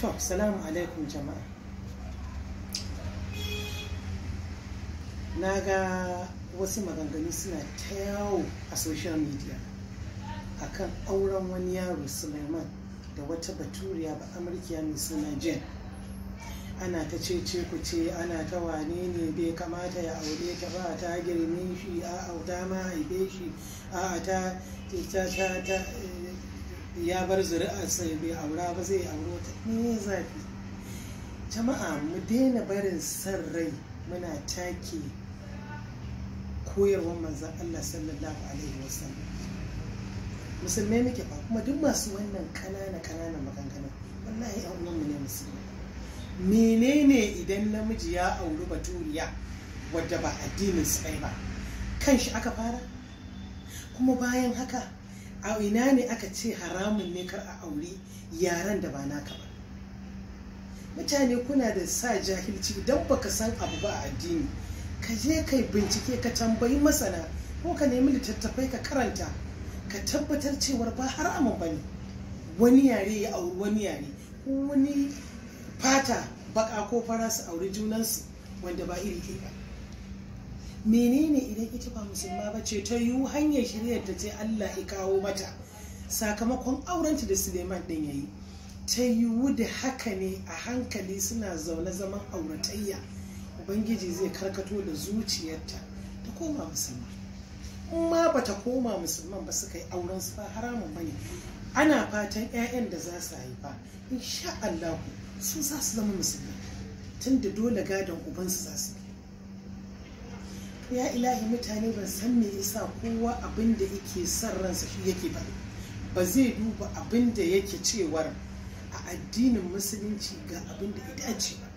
to salamu alaikum jama'a na ga wasu maganganu suna ta yawo a social media kan auren wani yaro suleiman da wata baturiya ba amurkiya mai suna jen ana ta ce ce ku ce ana ta wane ne bai kamata ya aure ta ba ta girme shi a auta ma haife shi a ta ta ta ya bar sai bai aura ba zai aure wata ne zafi jama'a mu daina barin san rai muna take koyarwar manzan Allah sallallahu alaihi wasallam musulmai muke ba kuma duk masu wannan kanana kanana maganganu wallahi yan mu ne musulmi menene idan namiji ya auri baturiya wadda ba addinin sai ba kan shi aka fara kuma bayan haka a ina ne aka ce haramun ne kar a auri yaran da ba naka ba mutane kuna da sa jahilci don baka san abu ba a addini ka je kai bincike ka tambayi masana ko ka nemi littattafai ka karanta ka tabbatar cewar ba haramun ba ne wani yare ya auri wani yare ko wani fata baka ko fara su auri junansu wanda ba iri ke ba menene idan ita ba musulma ba ce ta yiwu hanyar shiryar ta ce Allah ya kawo mata sakamakon aurenta da Suleiman din yayi ta yiwu da haka ne a hankali suna zaune zaman auratayya ubangiji zai karkato da zuciyarta ta koma musulma in ba ta koma musulman ba suka yi auren su ba haramun bane ana fatan 'ya'yan da za su haifa insha Allah su za su zama Musulma tunda dole gadon ubansu za su ya ilahi mutane ba san me yasa kowa abin da yake son ransa shi yake ba ba zai duba abin da yake cewar a addinin musulunci ga abin da ya dace ba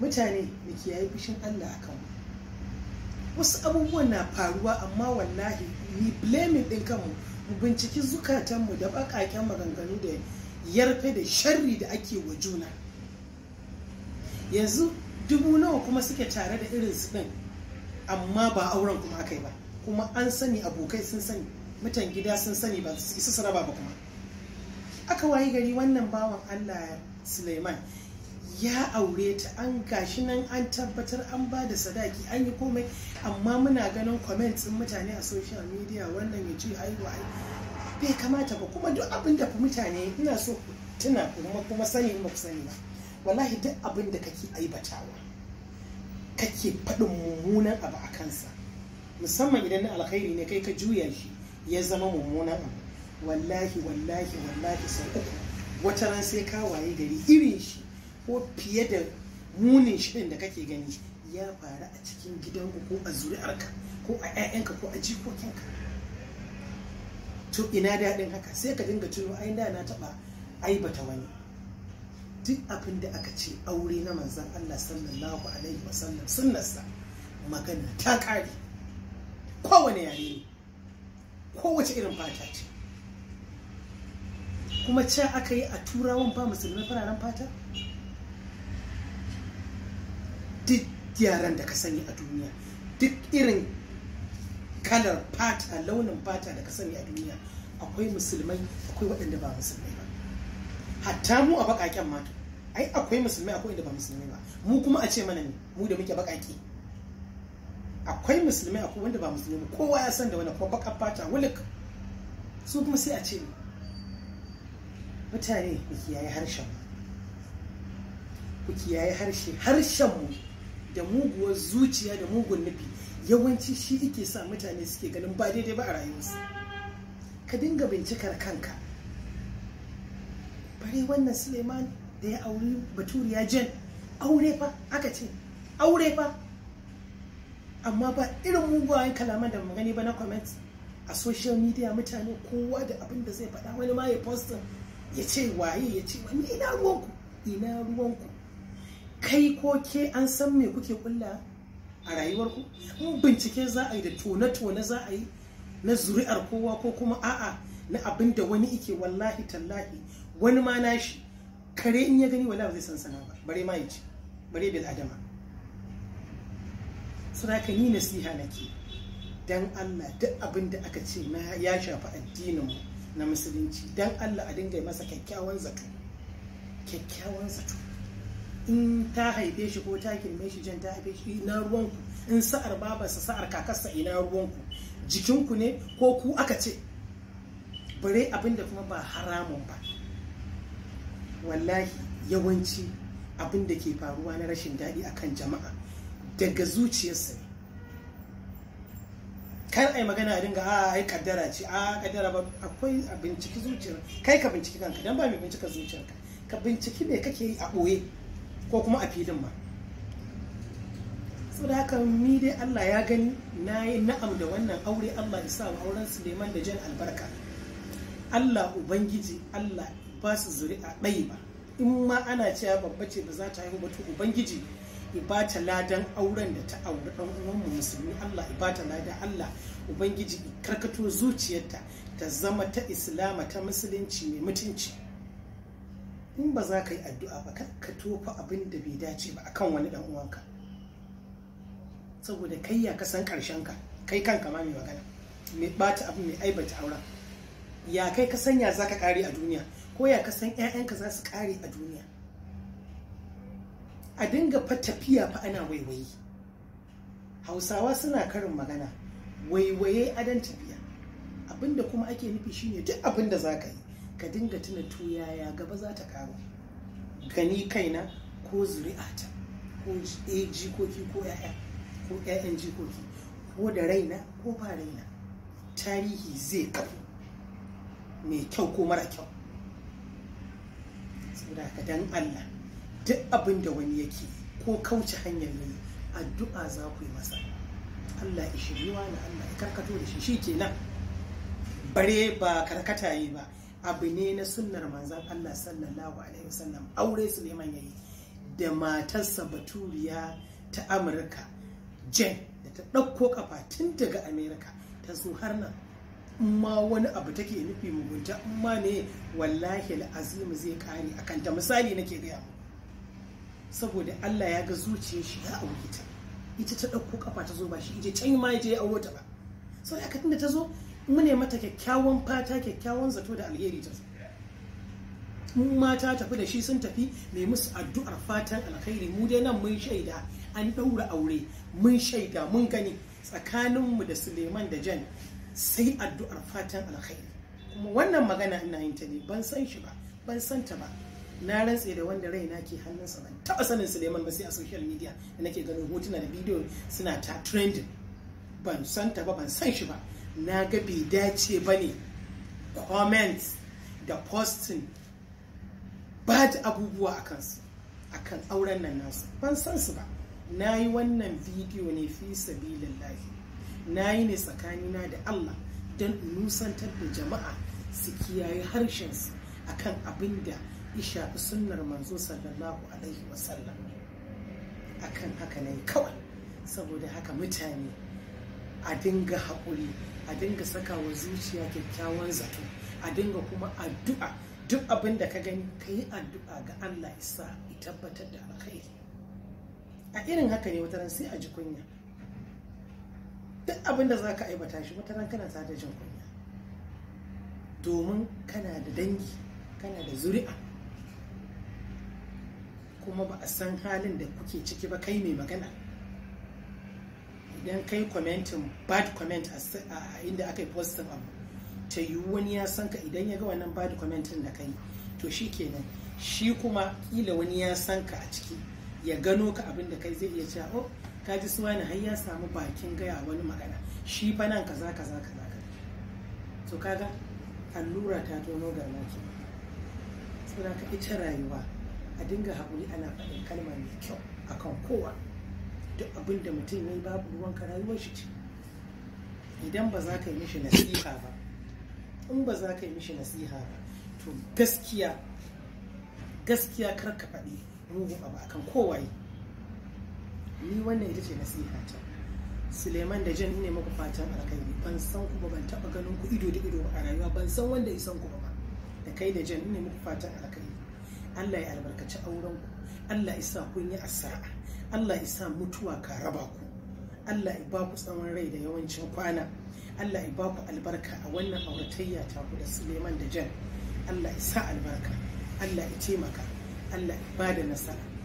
mutane da ke yayi fushin Allah a kanmu wasu abubuwan na faruwa amma wallahi ni blame din kanmu mu binciki zukatanmu da bakaken maganganu da yarfe da sharri da ake wa juna yanzu dubu nawa kuma suke tare da irin su ɗin amma ba auren kuma aka yi ba kuma an sani abokai sun sani mutan gida sun sani ba su isa saraba ba kuma aka wayi gari wannan bawan allah suleiman ya aure ta an gashi nan an tabbatar an ba da sadaki an yi komai amma muna ganin comments din mutane a social media wannan ya ce haihuwa bai kamata ba kuma duk abinda da mutane ina so tuna kuma sani ba ku sani ba wallahi duk abin da kake aibatawa kake faɗin mummunan abu a kansa musamman idan na alkhairi ne kai ka juya shi ya zama mummunan abu wallahi wallahi wallahi sau uku wata ran sai ka waye gari irin shi ko fiye da munin shirin da kake gani ya faru a cikin gidanku ko a zuri'arka ko a 'ya'yanka ko a jikokinka to ina daɗin haka sai ka dinga tuno ai da na taɓa aibata wani duk abin da aka ce aure na manzan Allah sallallahu alaihi wasallam sunnarsa magana ta ƙare kowane yare ne kowace irin fata ce kuma ce aka yi a turawan ba musulmai fararen fata duk yaran da ka sani a duniya duk irin kalar fata launin fata da ka sani a duniya akwai musulmai akwai waɗanda ba musulmai hatta mu a baƙaƙen mata ai akwai musulmai akwai inda ba musulmai ba mu kuma a ce mana ne mu da muke bakaki akwai musulmai akwai wanda ba musulmai kowa ya san da wani kuma baƙar fata wulik su kuma sai a ce ne mutane ku kiyaye harshen ku kiyaye harshe harshen mu da muguwar zuciya da mugun nufi yawanci shi yake sa mutane suke ganin ba daidai ba a rayuwarsu ka dinga bincikar kanka bari wannan suleiman da ya auri baturiya jen aure fa aka ce aure fa amma ba irin mugayen kalaman da magani ba na comments a social media mutane kowa da abin da zai faɗa wani ma ya postin ya ce waye ya ce wani ina ruwanku ina ruwanku kai ko ke an san me kuke kulla a rayuwarku in bincike za a yi da tona-tona za a yi na zuri'ar kowa ko kuma a'a na abin da wani ike wallahi tallahi wani ma nashi kare in ya gani wala zai san sana ba bare ma yace bare bil adama ka ni nasiha nake dan Allah duk abin da aka ce na ya shafi addinin na musulunci dan Allah a dinga masa kyakkyawan zato kyakkyawan zato in ta haife shi ko ta kirme shi jan ta haife shi ina ruwanku in sa'ar babarsa sa'ar kakarsa ina ruwanku jikinku ne ko ku aka ce bare abin da kuma ba haramun ba wallahi yawanci abin da ke faruwa na rashin daɗi akan jama'a daga zuciyarsa ne kar ai magana a dinga a ah, ai kaddara ce a ah, kaddara ba akwai a binciki zuciyar kai ka binciki kanka dan ba mai bincika zuciyarka ka binciki me kake yi a ɓoye ko kuma a filin ma saboda haka ni dai Allah ya gani na yi na'am da wannan aure Allah ya sa wa auren Suleiman da Jan albarka Allah Ubangiji Allah ba su zuri'a ɗai ba in ma ana cewa babba ce ba za ta yi ba ubangiji ibata ladan auren da ta auri dan mu musulmi Allah ibata ladan Allah ubangiji karkato zuciyarta ta zama ta islama ta musulunci mai mutunci in ba za ka yi addu'a ba ka tofa abin da bai dace ba akan wani dan uwanka saboda kai ya kasan karshen ka kai kanka ma mai magana mai bata abu mai aibata auren ya kai ka sanya ka kare a duniya ko ya kasan 'ya'yanka za su kare a duniya a dinga fa tafiya fa ana waiwayi. hausawa suna karin magana waiwaye adan tafiya abinda kuma ake nufi shine duk abinda za ka yi ka dinga tuna tuyaya gaba za ta karo gani kaina ko zuri'ata ko a jikoki ko ya'ya ko ya'yan jikoki ko da raina ko ba raina tarihi zai kafu mai kyau ko mara kyau saboda ka Allah duk abin da wani yake ko kauce hanyar ne addu'a za ku yi masa Allah ya shiri na Allah ya karkato da shi shikenan bare ba karkata yi ba abu ne na sunnar manzon Allah sallallahu alaihi wasallam aure Suleiman yayi da matarsa baturiya ta Amurka Jen da ta ɗauko kafa tun daga Amerika ta zo har nan ma wani abu take nufi mugunta ma ne wallahi al'azim zai kare a kanta misali nake gaya saboda Allah ya ga zuciyar shi ya auki ta ita ta ɗauko kafa ta zo ba shi ije can ma je ya auro ta ba sau da da ta zo mune mata kyakkyawan fata kyakkyawan zato da alheri ta zo mata tafi da shi sun tafi mai musu addu'ar fatan alkhairi mu dai nan mun shaida an ɗaura aure mun shaida mun gani tsakaninmu da suleiman da jan sai addu'ar fatan alkhairi kuma wannan magana ina yin ta ne ban san shi ba ban san ta ba na rantse da wanda raina ke hannunsa ban taɓa sanin Suleiman ba sai a social media da nake ganin hotuna da bidiyo suna ta trending ban san ta ba ban san shi ba na ga bai dace ba ne comment da posting ba da abubuwa a kansu a kan auren nan nasu ban san su ba na yi wannan bidiyo ne fi sabilillahi na yi ne tsakanina da Allah don nusantar da jama'a su kiyaye harshensu kan abin da isha sunnar manzo sallallahu alaihi wasallam kan haka yi kawai saboda haka mutane a dinga haƙuri a dinga sakawa zuciya kyakkyawan zato a dinga kuma addu'a duk abin da ka gani ka yi addu'a ga Allah isa ya tabbatar da alkhairi a irin haka ne wataran sai a ji kunya duk abin da za ka aibata shi wata kana sata jin kunya domin kana da dangi kana da zuri'a kuma ba a san halin da kuke ciki ba kai mai magana idan kai commenting bad comment a inda aka yi postin abu ta yi wani ya san ka idan ya ga wannan bad commenting da kai to shi kenan shi kuma kila wani ya san ka a ciki ya gano ka abin da kai zai iya cewa oh ka ji suwa ne ya samu bakin gaya wani magana shi fa nan kaza kaza kaza kaza to kaga allura ta tono garma ke da ka ita rayuwa a dinga hakuri ana faɗin kalma mai kyau akan kowa duk abin da mutum ya yi babu ruwan rayuwar shi ce idan ba za ka yi mishi nasiha ba in ba za ka yi mishi nasiha ba to gaskiya gaskiya kar ka faɗi mugun abu akan yi. ni wannan ita ce nasiha ta suleiman da jan ne muku fatan alkhairi ban san ku ba ban taba ganin ku ido da ido a rayuwa ban san wanda ya san ku ba da kai da jan ne muku fatan alkhairi Allah ya albarkaci auren ku Allah ya sa kun yi asara Allah ya sa mutuwa ka raba ku Allah ya ba ku tsawon rai da yawancin kwana Allah ya ba ku albarka a wannan auratayya ta ku da Suleiman da Jan Allah ya sa albarka Allah ya taimaka Allah ya ba da nasara